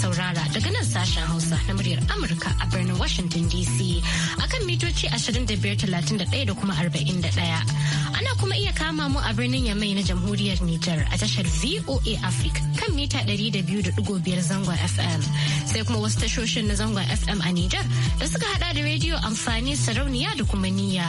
saurara daga nan sashen Hausa na muryar Amurka a birnin Washington DC akan mitoci 2531 da kuma 41. Ana kuma iya kama mu a birnin Yamai na Jamhuriyar Nijar a tashar VOA Africa kan mita 200.5 zangon FM. Sai kuma wasu tashoshin na zangon FM a Nijar da suka hada da rediyo amfani sarauniya da kuma niyya.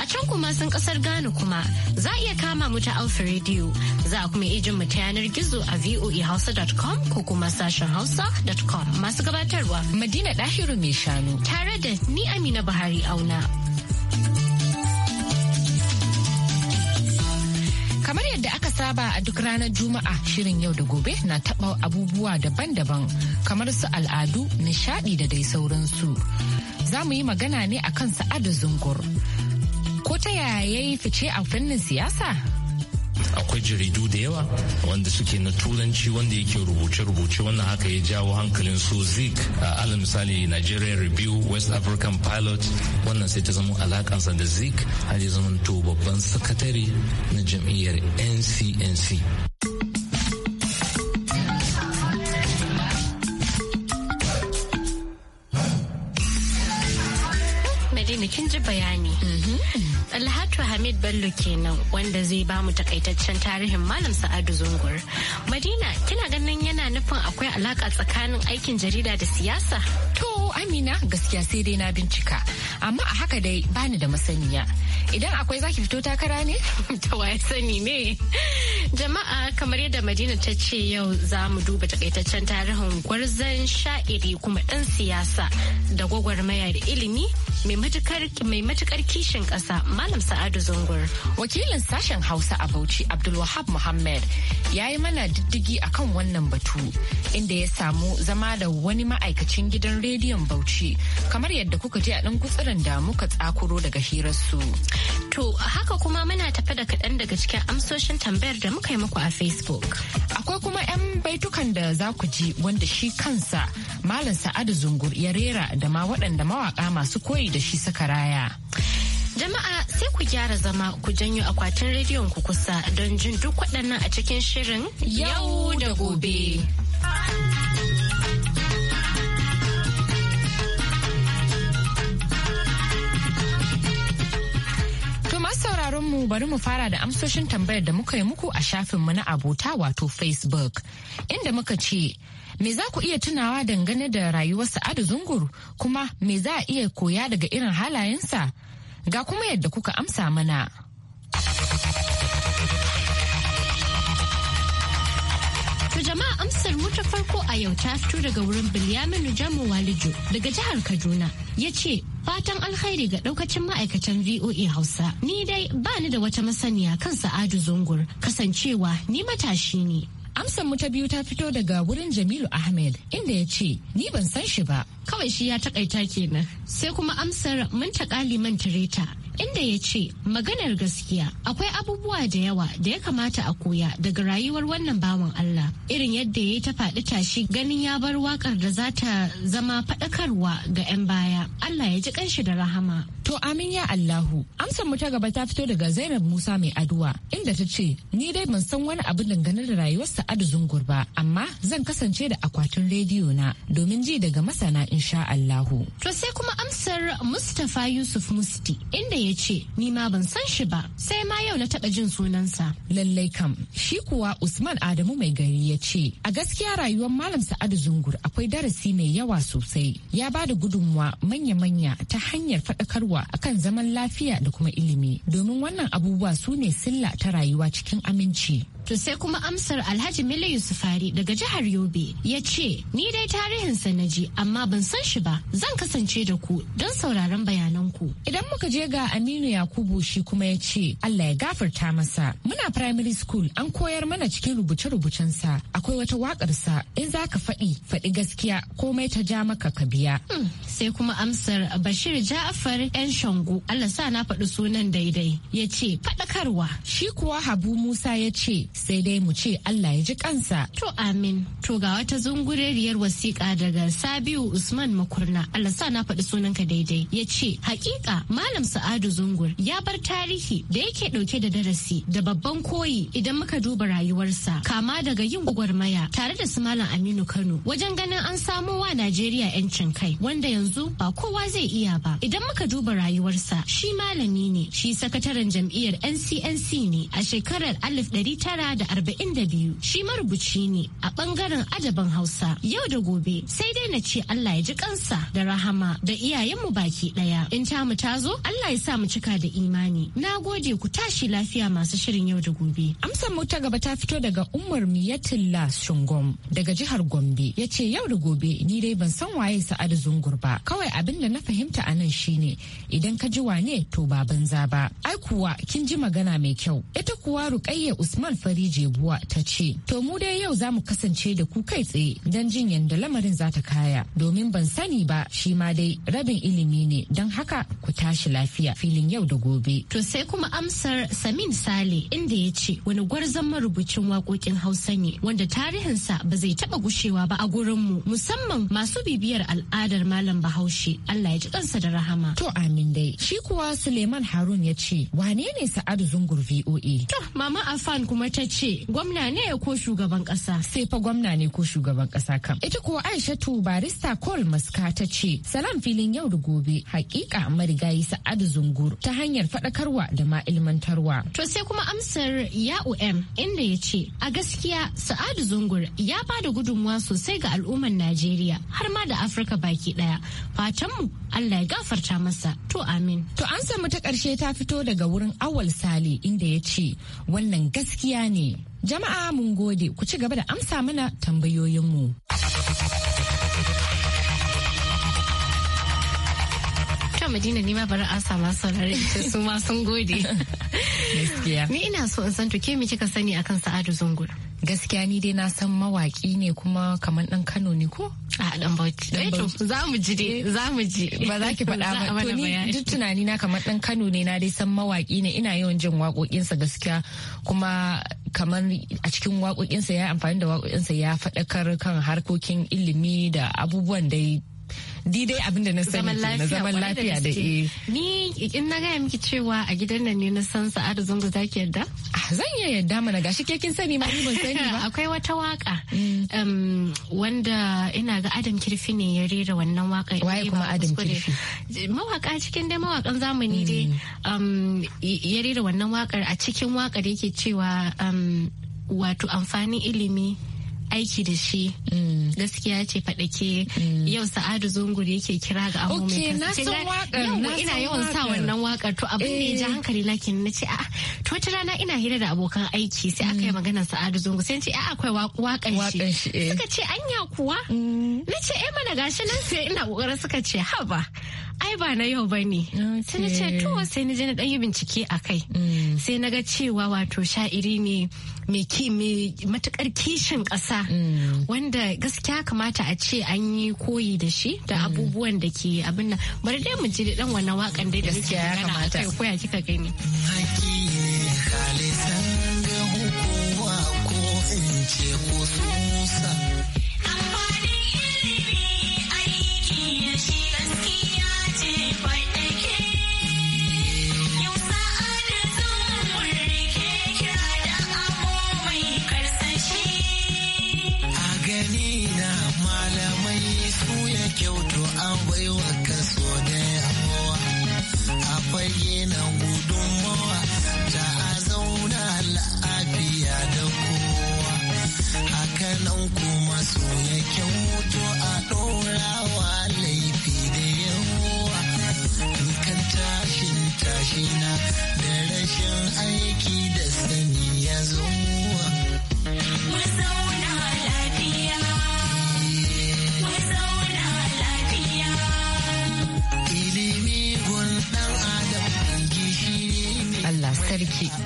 A can kuma sun kasar Ghana kuma za a iya kama mu ta Alfa rediyo Za a kuma ijin mu ta yanar gizo a voehausa.com ko kuma sashen hausa.com masu gabatarwa. Madina Dahiru mai shanu. Tare da ni Amina Buhari Auna. Kamar yadda aka saba a duk ranar Juma'a shirin yau da gobe na taɓa abubuwa daban-daban kamar su al'adu, nishaɗi da dai sauransu. Za mu yi magana ne akan sa'adu zungur. Ko ta yaya ya yi fice a fannin siyasa? akwai jaridu da yawa wanda suke na turanci wanda yake rubuce-rubuce wannan haka ya jawo hankalin su zik alal misali nigeria review west african pilot wannan sai ta zama alakansa da zik har ya zama to babban sakatare na jam'iyyar ncnc kin ji bayani. Hamid Bello kenan wanda zai ba mu takaitaccen tarihin Malam Sa'adu Zungur. Madina, kina ganin yana nufin akwai alaka tsakanin aikin jarida da siyasa? To, Amina gaskiya sai dai na bincika, amma a haka dai bani da masaniya. Idan akwai zaki fito takara ne? Ta waye sani ne. Jama'a kamar yadda Madina ta ce yau za mu duba takaitaccen tarihin gwarzon sha'iri kuma ɗan siyasa da gwagwarmaya da ilimi mai matukar kishin ƙasa Malam Sa'adu Zungur. Wakilin sashen Hausa a Bauchi Abdulwahab Muhammad ya yi mana diddigi a kan wannan batu inda ya samu zama da wani ma'aikacin gidan rediyon Bauchi kamar yadda kuka ji a ɗan gutsirin da muka tsakuro daga hirarsu. To haka kuma muna tafe da kaɗan daga cikin amsoshin tambayar da muka yi muku a Facebook. Akwai kuma 'yan baitukan da za ku ji wanda shi kansa Malam Sa'adu Zungur ya rera da ma waɗanda mawaƙa masu koyi da shi suka raya. Jama'a sai ku gyara zama ku janyo akwatin rediyon ku kusa don jin duk waɗannan a cikin shirin yau da gobe. mu bari mu fara da amsoshin tambayar da muka yi muku a shafinmu na abota wato Facebook inda muka ce me za ku iya tunawa dangane da rayuwar Sa'adu Zungur kuma me za a iya koya daga irin halayensa? Ga kuma yadda kuka amsa mana. jama'a amsar mu ta farko a yau ta fito daga wurin Bilyaminu jamu Walijo daga jihar Kaduna ya ce fatan alkhairi ga daukacin ma'aikatan VOA Hausa. Ni dai bani da wata masaniya kan Sa'adu Zungur kasancewa ni matashi ne. Amsan mu ta biyu ta fito daga wurin Jamilu Ahmed inda ya ce ni ban san shi ba. Kawai shi ya takaita kenan. Sai kuma amsar mun taƙali man tireta inda ya ce maganar gaskiya akwai abubuwa da yawa da ya kamata a koya daga rayuwar wannan bawan Allah irin yadda ya yi ta faɗi tashi ganin ya bar wakar da za ta zama faɗakarwa ga 'yan baya Allah ya ji kanshi da rahama. To amin ya Allahu amsar mu ta gaba ta fito daga Zainab Musa mai aduwa inda ta ce ni dai ban san wani abu dangane da rayuwar Sa'adu Zungur ba amma zan kasance da akwatin rediyo na domin ji daga masana insha Allahu. To sai kuma amsar Mustapha Yusuf Musti inda ya ce ni ma ban san shi ba sai ma yau na taɓa jin sunansa. Lallai kam shi kuwa Usman Adamu mai gari ya ce a gaskiya rayuwar Malam Sa'adu Zungur akwai darasi mai yawa sosai ya ba da gudunmuwa manya-manya ta hanyar faɗakarwa akan zaman lafiya da kuma ilimi domin wannan abubuwa su ne silla ta rayuwa cikin aminci. To sai kuma amsar Alhaji Mele Yusufari daga jihar Yobe ya ce, Ni dai tarihinsa na je amma ban san shi ba zan kasance da ku don sauraron bayananku. Idan muka je ga Aminu Yakubu shi kuma ya ce, Allah ya gafarta masa. Muna primary school an koyar mana cikin rubuce-rubucensa akwai wata waƙarsa in za ka faɗi faɗi gaskiya komai ta ja maka ka biya. Hmm, sai kuma amsar Bashir Ja'afar 'yan Shango Allah sa na faɗi sunan daidai ya ce faɗakarwa. Shi kuwa Habu Musa ya ce sai dai mu ce Allah ya ji kansa. To amin. To ga wata zungureriyar wasiƙa daga Sabiu Usman Makurna. Allah sa na faɗi sunanka daidai. Ya ce, hakika Malam Sa'adu Zungur ya bar tarihi da yake ɗauke da darasi da babban koyi idan muka duba rayuwarsa. Kama daga yin gwagwarmaya tare da su Malam Aminu Kano wajen ganin an samo wa Najeriya 'yancin kai wanda yanzu ba kowa zai iya ba. Idan muka duba rayuwarsa shi malami ne shi sakataren jam'iyyar NCNC ne a shekarar alif ɗari tara da da arba'in biyu shi marubuci ne a bangaren adabin Hausa yau da gobe sai dai na ce Allah ya ji kansa da rahama da iyayenmu baki daya in ta mu ta zo Allah ya sa mu cika da imani na gode ku tashi lafiya masu shirin yau da gobe amsar mu ta gaba ta fito daga Umar Miyatullah Shungom daga jihar Gombe yace yau da gobe ni dai ban san waye Sa'adu Zungur ba kawai abin da na fahimta a nan shine idan ka ji wane to ba banza ba ai kuwa kin ji magana mai kyau ita kuwa Ruqayya Usman Fari Buhari Jebuwa ta ce, To mu dai yau za mu kasance da ku kai tsaye don jin yadda lamarin za ta kaya domin ban sani ba shi ma dai rabin ilimi ne don haka ku tashi lafiya filin yau da gobe. To sai kuma amsar Samin Sale inda ya ce wani gwarzon marubucin waƙoƙin Hausa ne wanda tarihinsa ba zai taɓa gushewa ba a gurinmu musamman masu bibiyar al'adar Malam Bahaushe Allah ya ji kansa da rahama. To amin dai. Shi kuwa Suleiman Harun ya ce wane ne Sa'adu Zungur VOA? To Mama Afan kuma ta ta ce gwamna ne ko shugaban kasa. Sai fa gwamna ne ko shugaban kasa kam. Ita kuwa Aishatu barista col Maska ta ce salam filin yau da gobe hakika marigayi Sa'adu Zungur ta hanyar faɗakarwa da ma ilmantarwa. To sai kuma amsar ya um inda ya ce a gaskiya Sa'adu Zungur ya ba da gudunmuwa sosai ga al'ummar Najeriya har ma da Afirka baki daya. Fatanmu Allah ya gafarta masa. To amin. To an samu ta karshe ta fito daga wurin Awal Sale inda ya ce wannan gaskiya ne. Jama'a mun gode ku ci gaba da amsa mana tambayoyinmu. Ta Madina ni ma bari an masu saurari su ma sun gode. Gaskiya. Ni ina so in san to ke me kika sani akan Sa'adu Zungur? gaskiya ni dai na san mawaki ne kuma kamar dan Kano ne ko? A dan Bauchi. Eh to za mu ji dai za mu ji. Ba za ki faɗa ba. To ni duk tunani na kamar dan Kano ne na dai san mawaki ne ina yawan jin waƙoƙinsa gaskiya kuma kamar a cikin waƙoƙinsa ya amfani da waƙoƙinsa ya faɗakar kan harkokin ilimi da abubuwan da di dai abin da na sani na zaman lafiya da eh ni in na gaya miki cewa a gidan nan ne na san sa'adu zungu zaki yadda ah, zan iya yadda mana gashi ke kin sani ma ni ban sani ba akwai wata waka mm. um, wanda ina ga Adam Kirfi ne ya rera wannan waka waye kuma Adam Kirfi mawaka cikin dai mawakan zamani mm. dai um, ya rera wannan wakar a cikin wakar yake cewa um, wato amfanin ilimi aiki da shi mm. gaskiya ce faɗake mm. yau sa'adu zungur yake kira ga abu mai kasance ina yawan sa wannan wakar to abin ne ji eh. hankali na kin nace a to ta rana ina hira da abokan aiki sai aka yi mm. maganar sa'adu zungur sai ce a akwai wakan shi eh. suka ce anya kuwa nace eh mana gashi nan sai ina kokarin suka ce haba ai ba na yau ba ne sai na ce to sai na je na bincike a kai mm. sai na ga cewa wato sha'iri ne mai matukar kishin ƙasa mm. wanda gaskiya kamata a ce an yi koyi da shi da mm. abubuwan da ke abin nan bari dai mu ji dan wannan wakan dai da suke magana akai koya kika gani ce ko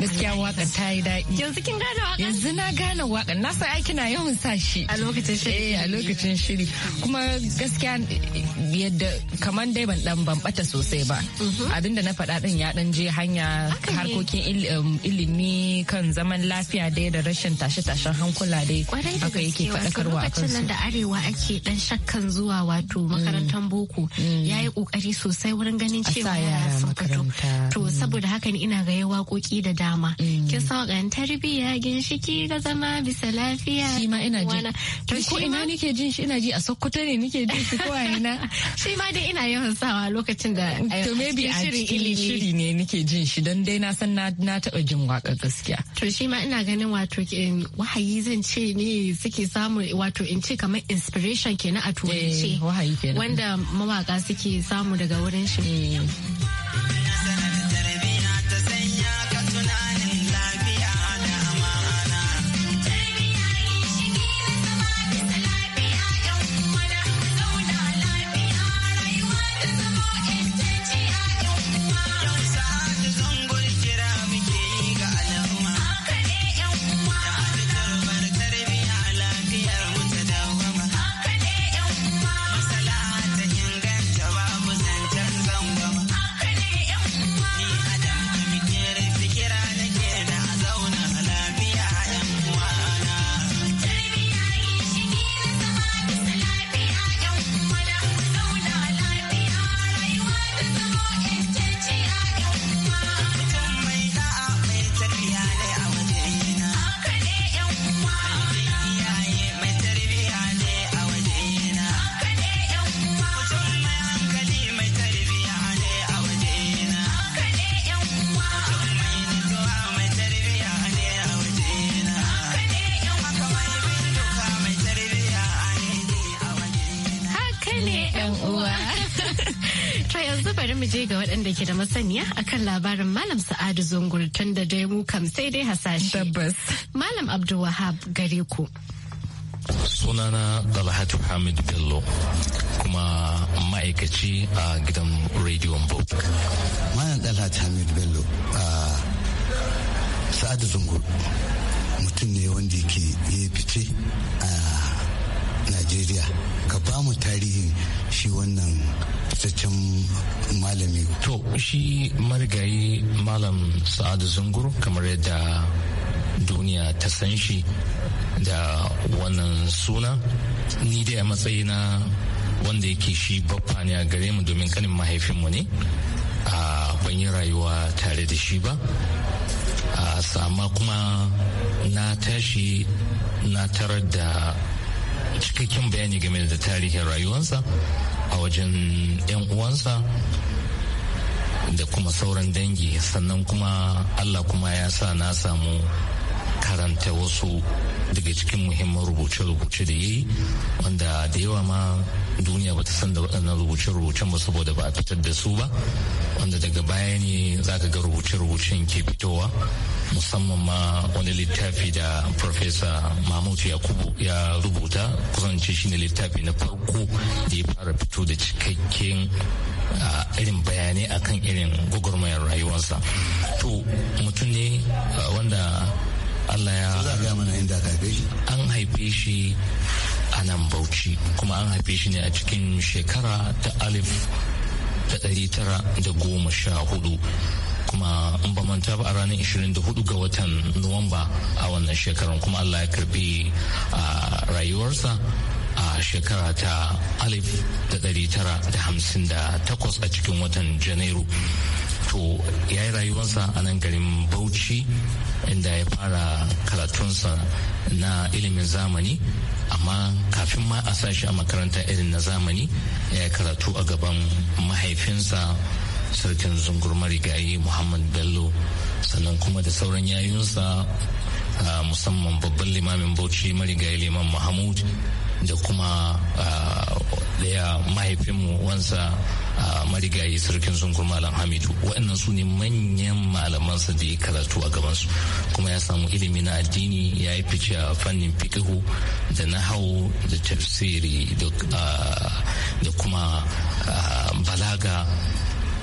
gaskiya wakar ta yi daɗi yanzu kin gane wakar yanzu na gane wakar na san aiki na yawan sa shi a lokacin shiri eh a lokacin shiri kuma gaskiya yadda kamar dai ban dan ban bata sosai ba mhm. abinda na faɗa ɗin ya ɗan je hanya harkokin um, ilimi kan zaman lafiya dai da rashin tashe-tashen hankula dai Kwarai da faɗakarwa a lokacin lokacin da arewa ake ɗan shakkan zuwa wato mm. makarantar boko mm. yayi ƙoƙari sosai wurin ganin cewa ya sun fito to saboda haka ne ina ga yawa da dama dama mm. kin san wakan tarbiya ginshiki ga zama bisa lafiya shi ma ina ji to ko ina nake jin shi ina ji a sokoto ne nake jin shi ko ina shi ma dai ina yawan sawa lokacin da to eh, maybe a cikin shiri ne nake jin shi dan dai na san na taba jin waka gaskiya to shi ma ina ganin wato wahayi zan ce ne suke samu wato in ce kamar inspiration kenan a turance eh, wanda mawaka suke samu daga wurin shi eh. ke da masaniya kan labarin Malam Sa'adu Zungul tun da dai mu kam sai dai hasashe. Tabbas. Malam Abdulwahab gare ku. sunana dalhatu hamid bello kuma ma'aikaci a gidan rediyon bob malam dalhatu hamid bello a sa'adu zungur mutum ne wanda ke ya fice a najeriya ka ba mu tarihin shi wannan fitaccen malami to shi marigayi malam sa'adu zunguru kamar yadda duniya ta san shi da wannan suna ni dai a matsayina wanda yake shi baffa ne a gare mu domin kanin mahaifinmu ne a ban yi rayuwa tare da shi ba a sama kuma na tashi na tarar da cikakken bayani game da tarihin rayuwarsa a wajen 'yan uwansa da kuma sauran dangi sannan kuma allah kuma ya sa na samu karanta wasu daga cikin muhimman rubuce-rubuce da ya yi wanda da yawa ma duniya bata san da waɗannan rubuce-rubucen ba saboda ba a fitar da su ba wanda daga baya ne za ka ga rubuce-rubucen ke fitowa musamman ma wani littafi da Profesa Mahmud Yakubu ya rubuta kusance shine littafi na farko da ya fara fito da cikakken irin bayanai akan irin gwagwarmayar rayuwarsa. To mutum ne wanda Allah ya za mana inda ka haife shi an haife shi a nan Bauchi kuma an haife shi ne a cikin shekara ta alif ta ɗari tara da goma sha hudu kuma in ba manta ba a ranar 24 ga watan nuwamba a wannan shekaran kuma allah ya karbi a rayuwarsa a shekara ta alif da tara da hamsin da takwas a cikin watan janairu to ya yi rayuwarsa a nan garin bauchi inda ya fara karatunsa na ilimin zamani amma kafin ma a sashi a makaranta irin na zamani ya yi karatu a gaban mahaifinsa sarkin zungur marigayi muhammad bello sannan kuma da sauran yayunsa musamman babban limamin bauchi marigayi liman mahmud da kuma daya mahaifinmu wansa a marigayi sarkin zungur malam hamidu waɗannan su ne manyan malamansa da ya karatu a gabansu kuma ya samu ilimi na addini ya yi fice a fannin fikihu da nahawu da tafsiri da kuma balaga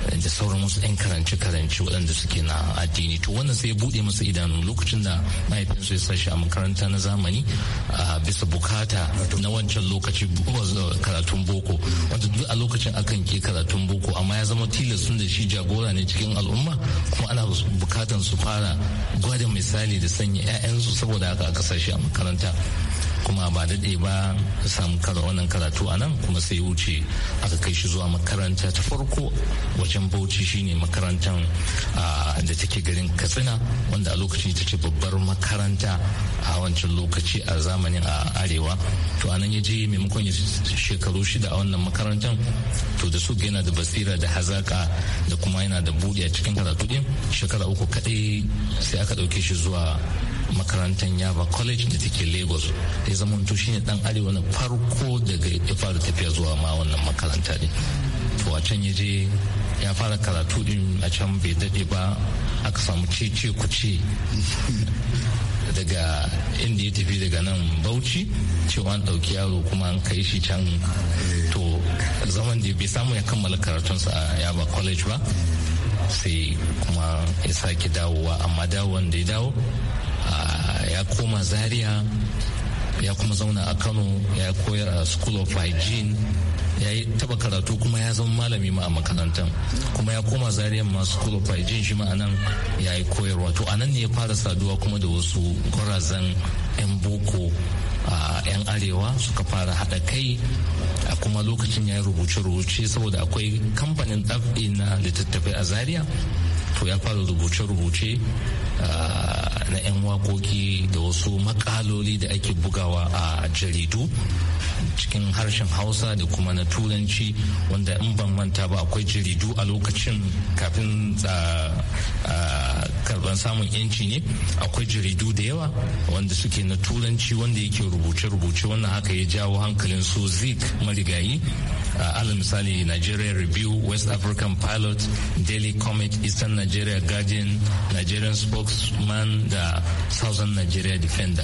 da sauran wasu 'yan karance-karance waɗanda suke na addini to wannan sai ya buɗe masa idanu lokacin da mahaifinsu ya sa shi a makaranta na zamani a bisa bukata na wancan lokaci karatun boko lokacin akan ke karatun boko amma ya zama tilas da shi jagora ne cikin al'umma kuma ana bukatan su fara gwada misali da sanya 'ya'yansu saboda haka aka kasashe a makaranta kuma ba daɗe ba samu kara wannan karatu a nan kuma sai wuce aka kai shi zuwa makaranta ta farko wajen bauchi shine makarantar da take garin katsina wanda a lokaci ta ce babbar makaranta a wancan lokaci a zamanin a arewa to anan ya je maimakon ya shekaru shida a wannan makarantar to da su yana da basira da hazaka da kuma yana da buɗe a cikin karatu ɗin shekara uku kaɗai sai aka ɗauke shi zuwa makarantar yaba college da take lagos ya zama to shine dan arewa na farko daga ya fara tafiya zuwa ma wannan makaranta din to a can ya ya fara karatu din a can bai dade ba aka samu cece kuce daga inda ya tafi daga nan bauchi cewa an ɗauki yaro kuma an kai shi can to zaman da bai samu ya kammala karatun sa a yaba college ba sai kuma ya sake dawowa amma dawon wanda ya dawo Ah, ya koma zaria ya kuma zauna a kano ya koyar a school of hygiene ya yi taba karatu kuma ya zama malami ma a makarantar kuma ya koma zariyar ma school of hygiene shi ma nan ya yi koyarwa to a nan ne ya fara saduwa kuma da wasu gwarazan 'yan boko a ah, 'yan arewa suka fara haɗa kai a kuma lokacin ya yi rubuce-rubuce saboda akwai kamfanin ɗab'i na littattafai a Zariya. to ya fara rubuce-rubuce ah, na 'yan wakoki da wasu makaloli da ake bugawa a jaridu cikin harshen hausa da kuma na turanci wanda in ban manta ba akwai jaridu a lokacin kafin ah, ah, karban samun yanci ne akwai jaridu da yawa wanda suke na turanci wanda yake rubuce-rubuce wannan haka ya jawo hankalin su zik marigayi alal misali nigerian review west african pilot daily comet eastern nigeria guardian nigerian spokesman da southern nigeria defender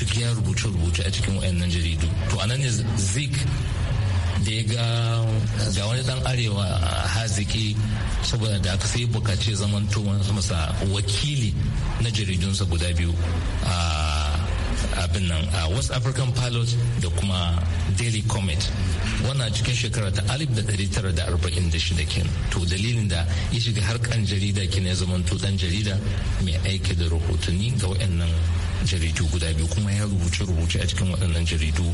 duk ya rubuce-rubuce a cikin wayannan jaridu to anan ne zik da ya ga wani dan arewa haziki saboda da aka sai bukaci zaman tuwon masa wakili na jaridunsa guda biyu a abin nan a uh, west african pilot da kuma daily comet wannan cikin shekara ta 1946 kenan to dalilin da ya shiga harkan jarida ke ya zaman to dan jarida mai aiki da rahotanni ga waɗannan jaridu guda biyu kuma ya rubuce rubuce a cikin waɗannan jaridu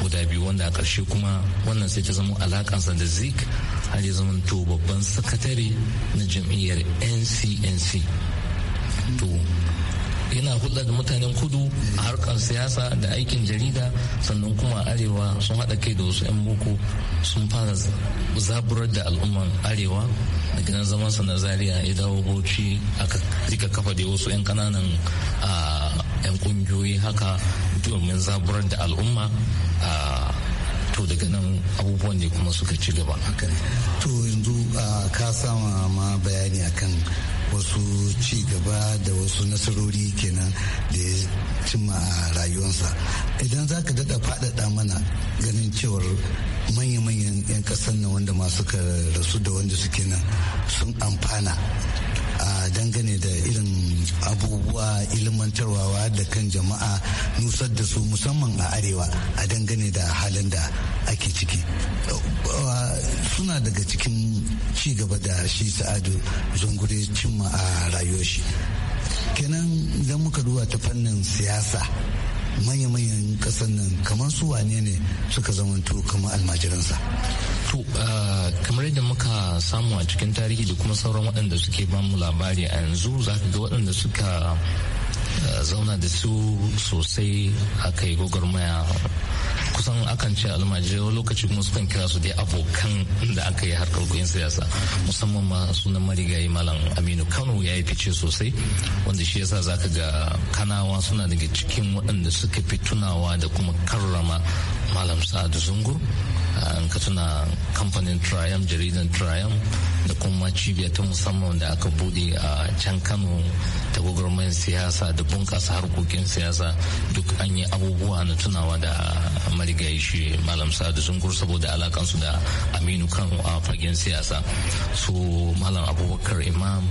guda biyu wanda a ƙarshe kuma wannan sai ta zama alaƙansa da zik har ya zama to babban sakatare na jam'iyyar ncnc to yana hulɗa da mutanen kudu a harkar siyasa da aikin jarida sannan kuma arewa sun haɗa kai da wasu 'yan boko sun fara zaburar da al'umman arewa daga nan zaman sa na zaria ya dawo bauchi aka rika kafa da wasu 'yan kananan 'yan kungiyoyi haka domin zaburar da al'umma to daga nan abubuwan ne kuma suka ci gaba to yanzu ka sama ma bayani akan wasu ci gaba da wasu nasarori kenan da ya cimma a rayuwarsa idan za ka daɗa faɗaɗa mana ganin cewar manya-manyan 'yan ƙasar na wanda masu ka rasu da wanda suke nan sun amfana a dangane da irin abubuwa ilmantarwa da kan jama'a nusar da su musamman a arewa a dangane da halin da ake ciki suna daga cikin ci gaba da shi sa'adu zungure cimma a rayuwar shi kenan idan muka duba ta fannin siyasa manya-manyan kasan nan kamar su wane ne suka zamanto kamar almajiransa to kamar yadda muka samu a cikin tarihi da kuma sauran waɗanda suke ba mu labari a yanzu za ka ga waɗanda suka zauna da su sosai a kai gwagwarmaya kusan akan ce almajirai lokaci kuma sukan kira su dai abokan da aka yi harkar koyon siyasa musamman ma sunan marigayi malam aminu kano ya yi fice sosai wanda shi yasa zaka ga kanawa suna daga cikin waɗanda suka fi tunawa da kuma karrama malam sa'adu zungu an ah, ka tuna kamfanin triumph jaridan triumph da kuma cibiya ta musamman da aka bude a can kano ta gwagwarmayar siyasa da bunƙasa harkokin siyasa duk an yi abubuwa na tunawa da marigayi shi malam sa'adu zungur saboda alakansu da aminu kano a fagen siyasa su malam abubakar imam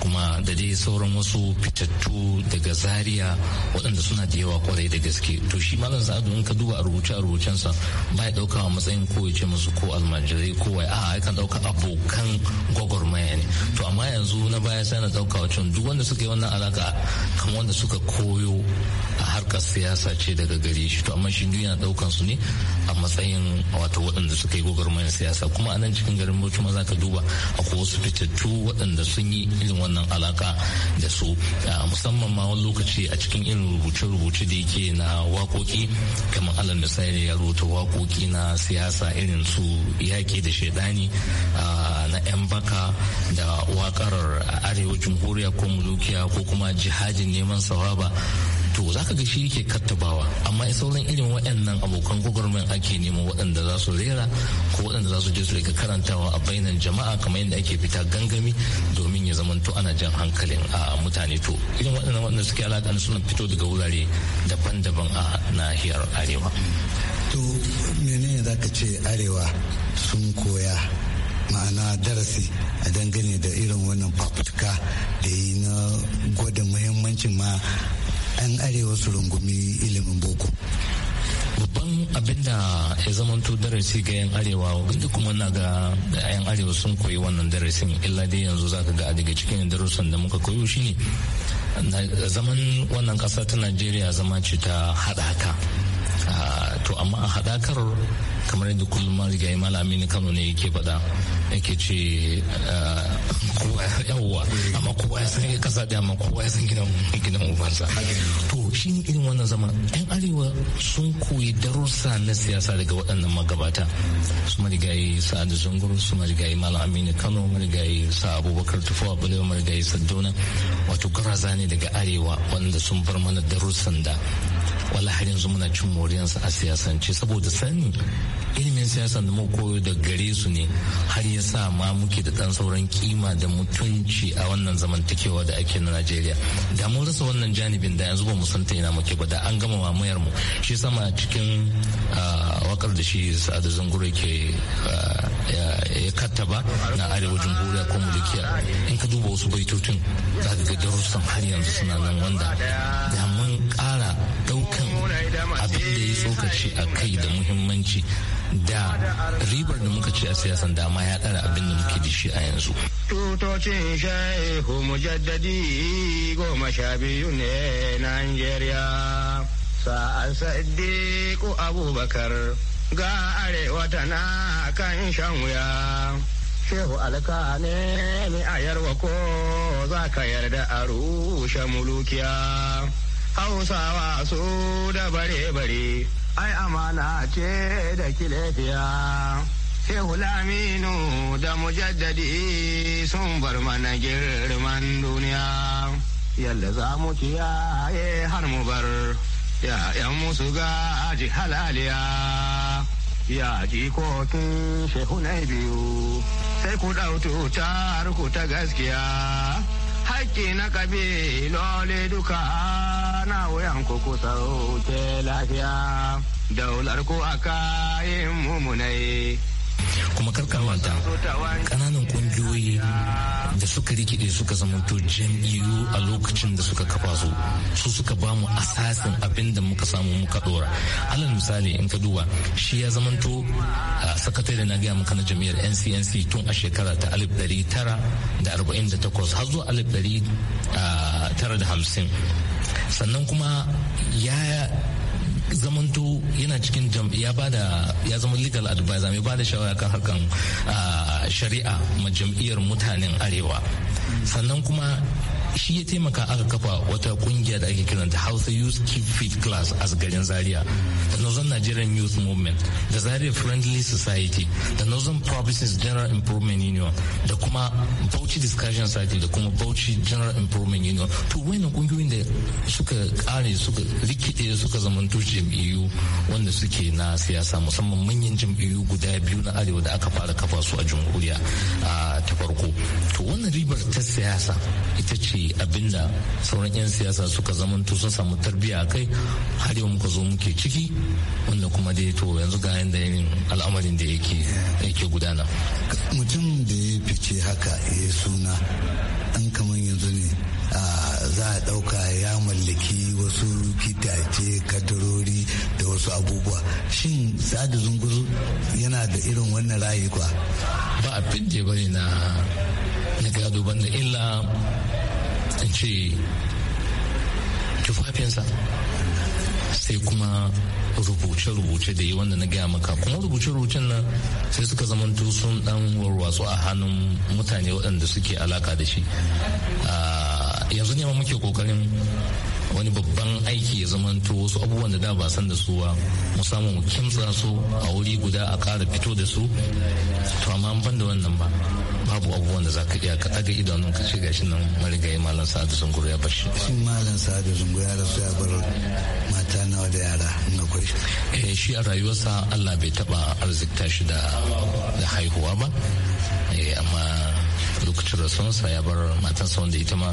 kuma da dai sauran wasu fitattu daga zaria waɗanda suna da yawa kwarai da gaske to shi malam sa'adu in ka duba a rubuce a rubucensa ba ya ɗauka a matsayin ko ya ce musu ko almajirai ko wai a kan ɗauka abokan gwagwarmaya ne to amma yanzu na baya sai na ɗauka can duk wanda suka yi wannan alaka kamar wanda suka koyo a harkar siyasa ce daga gare shi to amma shi duniya yana su ne a matsayin wato waɗanda suka yi gwagwarmayar siyasa kuma a nan cikin garin bauchi ma za ka duba akwai wasu fitattu waɗanda sun yi irin wannan alaka da su musamman ma wani lokaci a cikin irin rubuce-rubuce da yake na wakoki kamar alal misali ya rubuta wakoki na siyasa irin su yaƙi da shaidani na 'yan baka da wakar arewa jamhuriya ko mulukiya ko kuma jihadin neman sawaba to za ka ga shi yake kattabawa amma sauran irin waɗannan abokan gwagwarmayan ake nemo waɗanda za su rera ko waɗanda za su je su rika karantawa a bainan jama'a kamar yadda ake fita gangami domin ya to ana jan hankalin a mutane to irin waɗannan waɗanda suke alaƙa suna fito daga wurare daban-daban a nahiyar arewa to menene za ka ce arewa sun koya ma'ana darasi a dangane da irin wannan fafutuka da yi na gwada muhimmancin ma 'yan arewa su rungumi ilimin boko babban abin da ya zamanto darasi ga 'yan arewa wanda kuma na ga 'yan arewa sun koyi wannan darasin illa dai yanzu zaka ga daga cikin darussan da muka koyo shine zaman wannan kasa ta najeriya zama ce ta haɗaka Ah, to amma a hadakar kamar yadda kullum marigayi malami ne kano ne yake faɗa yake ce ah, kowa yawwa amma kowa ya san kasa da amma kowa ya san gidan ubansa to shi ne irin wannan zama yan arewa sun koyi darussa na siyasa daga waɗannan magabata su marigayi sa'adu zunguru su marigayi malam aminu kano marigayi sa abubakar a balewa marigayi sadona wato garaza ne daga arewa wanda sun bar mana darussan da wala har yanzu muna cin sa a siyasance saboda sani ilimin siyasa da mu koyo da gare su ne har ya sa ma muke da dan sauran kima da mutunci a wannan zamantakewa da ake na Najeriya da mun rasa wannan janibin da yanzu ba mu san ta ina muke ba da an gama mamayar mu shi sama cikin wakar da shi Sa'adu Zangure ke ya ba na arewa jamhuriya ko mulkiya in ka duba wasu baitutun za ka ga darussan har yanzu suna nan wanda da mun kara abin da ya tsokaci a kai da muhimmanci da ribar da muka ci a siyasan dama ya kara abin da muke da shi a yanzu. Tutocin shehu mujaddadi goma sha biyu ne Najeriya. Sa'an Sadiku Abubakar ga arewa na kan shan wuya. Shehu alka ne a yarwa ko za ka yarda a rushe mulukiya. hausawa su da bare-bare ai amana ce da kilefiya shehu laminu da mujaddadi sun bar mana girman duniya yadda za mu kiyaye har mu bar ya'yan musu gaji halaliya ya jikokin shehu na biyu sai ku ɗautu ta ta gaskiya Haƙƙi na kabilole duka na wuyan kuku sauke lafiya daular ku a kayan mummunai. kuma karka manta kananan ƙungiyoyi da suka rikide suka zamanto jam'iyyu a lokacin da suka kafa su su suka ba mu asasin abin da muka samu muka dora alal misali in ka duba shi ya zamanto sakatare na gaya maka na jam'iyyar ncnc tun a shekara ta da 1948 har zuwa hamsin sannan kuma ya zamanto yana cikin ya bada ya zama legal advisor mai bada shawara kan harkan ah, shari'a ma jam'iyyar mutanen arewa sannan kuma shi ya taimaka aka kafa wata kungiya da ake kiranta Hausa Youth Keep Fit Class a garin Zaria da Northern Nigerian Youth Movement da Zaria Friendly Society da Northern Provinces General Improvement Union da kuma Bauchi Discussion Society da kuma Bauchi General Improvement Union to wani kungiyoyin da suka kare suka rikide suka zamanto jam'iyyu wanda suke na siyasa musamman manyan jam'iyyu guda biyu na arewa da aka fara kafa su a jamhuriya ta farko to wannan ribar ta siyasa ita ce abinda sauran 'yan siyasa suka zamanto sun samu tarbiyya a kai har yau muka zo muke ciki wanda kuma dai to yanzu ga yanda yin al'amarin da yake gudana mutum da ya fice haka ya suna an kamar yanzu ne za a ɗauka ya mallaki wasu gidaje kadarori da wasu abubuwa shin sa'adu zunguru yana da irin wannan rayuwa ba a da bane na gado banda illa in ce tufafinsa sai kuma rubuce-rubuce da yi wanda na gaya maka kuma rubuce-rubucen nan sai suka zamanto sun dan warwatsu a hannun mutane waɗanda suke alaka da shi ah, yanzu ne ma muke kokarin wani babban aiki ya zamanto wasu abubuwan da da ba san da su ba mu samu mu kimtsa su a wuri guda a ƙara fito da su to amma ban da wannan ba babu abubuwan da za ka iya ka ɗaga idanun ka ce gashi nan marigayi malam sa'adu zunguru ya bashi. shi malam sa'adu zunguru ya rasu ya bar mata nawa da yara in akwai. eh shi a rayuwarsa allah bai taɓa arzikta shi da haihuwa ba eh, amma lokacin rasuwarsa ya bar matansa wanda ita ma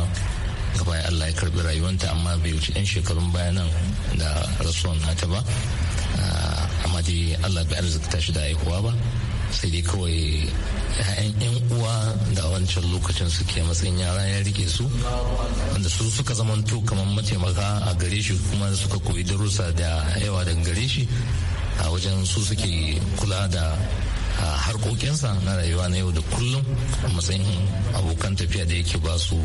gaba baya allah ya karbi rayuwanta amma bai wuce 'yan shekarun baya nan da rasuwan nata ba ah, amma dai allah bai arzikta shi da haihuwa ba sai dai kawai 'ya'yan 'yan uwa da wancan lokacin suke matsayin yara ya rike su wanda su suka zamanto kamar mataimaka a gare shi kuma suka koyi darussa da yawa daga gare shi a wajen su suke kula da harkokinsa na rayuwa na yau da kullum a matsayin abokan tafiya da yake ba su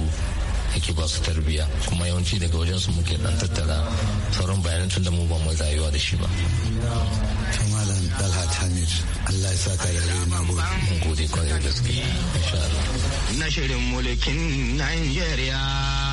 ake ba su tarbiya kuma yawanci daga wajen su muke dan tattara sauran bayanan tun da mu ba mu rayuwa da shi ba malam dalha hamid allah ya saka da rai na gode mun gode kwarai da gaske insha Allah na shirin mulkin nigeria.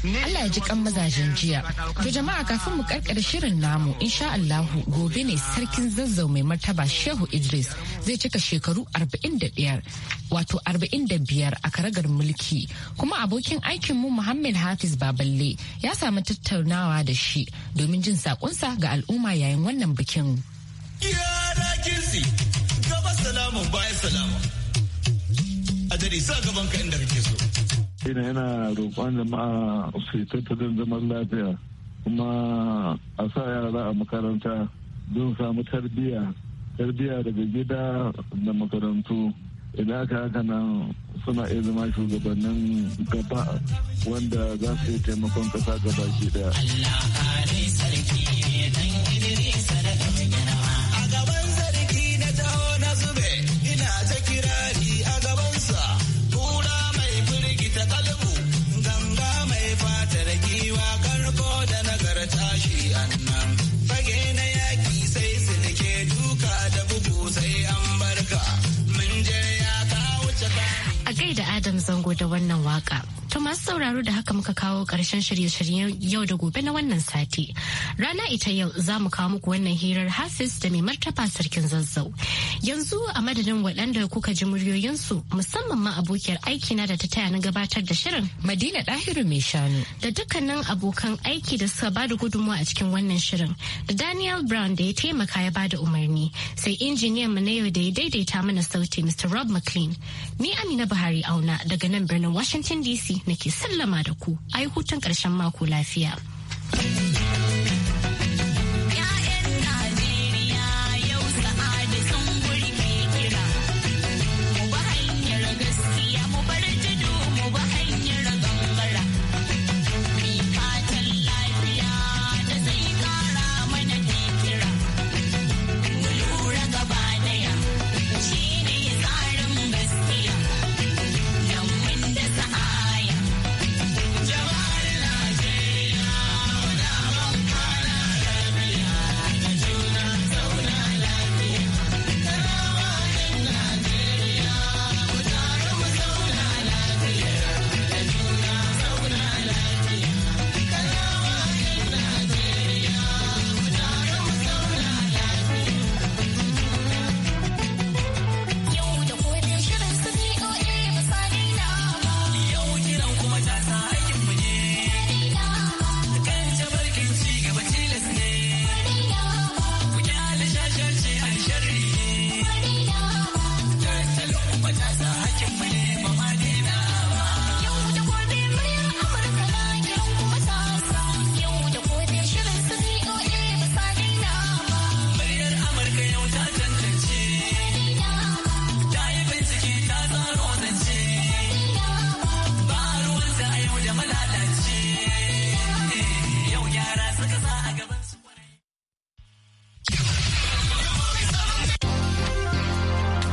Allah ya ji kan mazajen jiya. To jama'a kafin mu karkare shirin namu insha Allahu gobe ne sarkin zazzau mai martaba Shehu Idris zai cika shekaru 41 wato 45 a karagar mulki kuma abokin aikin mu Muhammad Hafiz Baballe ya samu tattaunawa da shi domin jin sakonsa ga al'umma yayin wannan bikin. Yara kinsi gaba salamun baya salamun. A jari sa gaban ka inda kake so. ne yana roƙon jama'a su tattalin zaman lafiya kuma a sa yara a makaranta don samu tarbiyya tarbiyya daga gida da makarantu idan aka haka nan suna iya zama shugabannin gaba wanda za su yi taimakon ƙasa gaba ki daya. da wannan waka. To masu sauraro da haka muka kawo ƙarshen shirye-shiryen yau da gobe na wannan sati. Rana ita yau za mu kawo muku wannan hirar hasis da mai martaba sarkin zazzau. Yanzu a madadin waɗanda kuka ji muryoyinsu musamman ma abokiyar aiki na da ta taya na gabatar da shirin. Madina Dahiru mai shanu. Da dukkanin abokan aiki da suka bada gudunmawa a cikin wannan shirin. Da Daniel Brown da ya taimaka ya bada umarni. Sai injiniyan mu na yau da ya daidaita mana sauti Mr. Rob McLean. Ni Amina Buhari Auna daga nan birnin Washington DC. nake sallama da ku ai hutun ƙarshen mako lafiya.